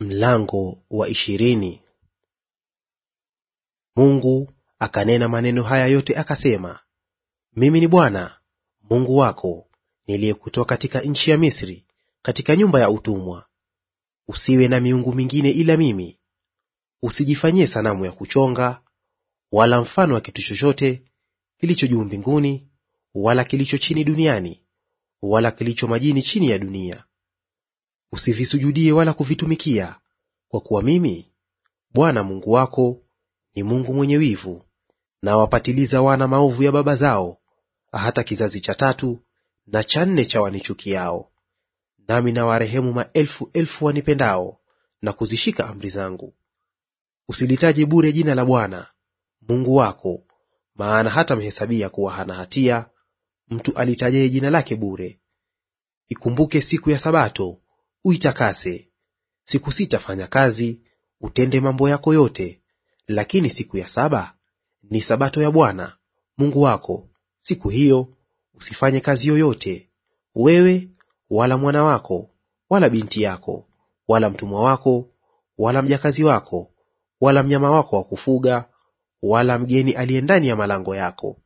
Mlango wa ishirini. Mungu akanena maneno haya yote akasema, mimi ni Bwana Mungu wako niliyekutoa katika nchi ya Misri, katika nyumba ya utumwa. Usiwe na miungu mingine ila mimi. Usijifanyie sanamu ya kuchonga wala mfano wa kitu chochote kilicho juu mbinguni wala kilicho chini duniani wala kilicho majini chini ya dunia usivisujudie wala kuvitumikia, kwa kuwa mimi Bwana Mungu wako ni Mungu mwenye wivu, na wapatiliza wana maovu ya baba zao hata kizazi cha tatu na cha nne cha wanichukiao. Nami nawarehemu maelfu elfu wanipendao na kuzishika amri zangu. Usilitaje bure jina la Bwana Mungu wako, maana hata mhesabia kuwa hana hatia mtu alitajaye jina lake bure. Ikumbuke siku ya Sabato uitakase. Siku sita fanya kazi, utende mambo yako yote, lakini siku ya saba ni sabato ya Bwana Mungu wako; siku hiyo usifanye kazi yoyote, wewe wala mwana wako wala binti yako wala mtumwa wako wala mjakazi wako wala mnyama wako wa kufuga wala mgeni aliye ndani ya malango yako.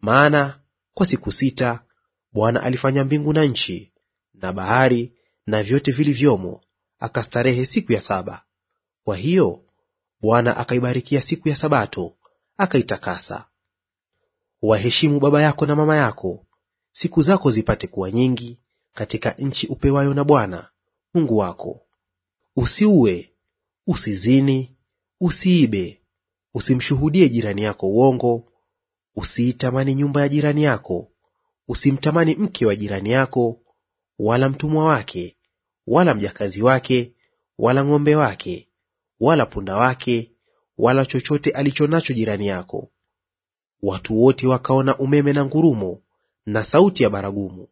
Maana kwa siku sita Bwana alifanya mbingu na nchi na bahari na vyote vilivyomo, akastarehe siku ya saba. Kwa hiyo Bwana akaibarikia siku ya Sabato akaitakasa. Waheshimu baba yako na mama yako, siku zako zipate kuwa nyingi katika nchi upewayo na Bwana Mungu wako. Usiue, usizini, usiibe, usimshuhudie jirani yako uongo, usiitamani nyumba ya jirani yako, usimtamani mke wa jirani yako, wala mtumwa wake wala mjakazi wake wala ng'ombe wake wala punda wake wala chochote alicho nacho jirani yako. Watu wote wakaona umeme na ngurumo na sauti ya baragumu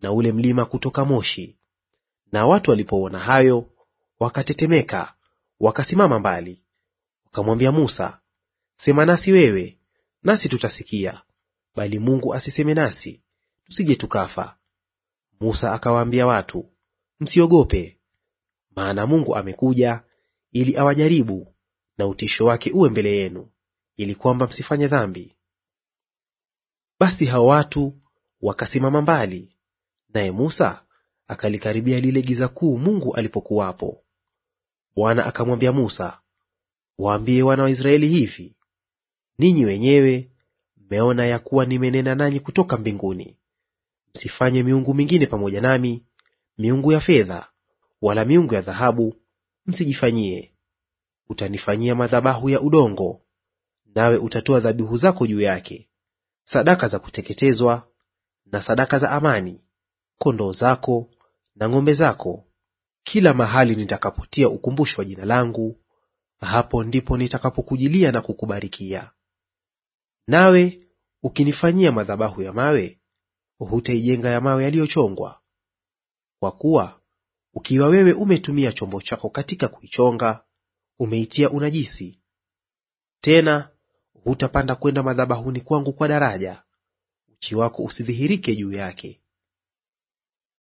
na ule mlima kutoka moshi. Na watu walipoona hayo wakatetemeka, wakasimama mbali. Wakamwambia Musa, sema nasi wewe, nasi tutasikia; bali Mungu asiseme nasi, tusije tukafa. Musa akawaambia watu, msiogope, maana Mungu amekuja ili awajaribu, na utisho wake uwe mbele yenu, ili kwamba msifanye dhambi. Basi hao watu wakasimama mbali, naye Musa akalikaribia lile giza kuu Mungu alipokuwapo. Bwana akamwambia Musa, waambie wana wa Israeli hivi, ninyi wenyewe mmeona ya kuwa nimenena nanyi kutoka mbinguni. Msifanye miungu mingine pamoja nami, miungu ya fedha wala miungu ya dhahabu msijifanyie. Utanifanyia madhabahu ya udongo, nawe utatoa dhabihu zako juu yake, sadaka za kuteketezwa na sadaka za amani, kondoo zako na ng'ombe zako. Kila mahali nitakapotia ukumbusho wa jina langu, hapo ndipo nitakapokujilia na kukubarikia. Nawe ukinifanyia madhabahu ya mawe hutaijenga ya mawe yaliyochongwa. Kwa kuwa ukiwa wewe umetumia chombo chako katika kuichonga, umeitia unajisi. Tena hutapanda kwenda madhabahuni kwangu kwa daraja, uchi wako usidhihirike juu yake.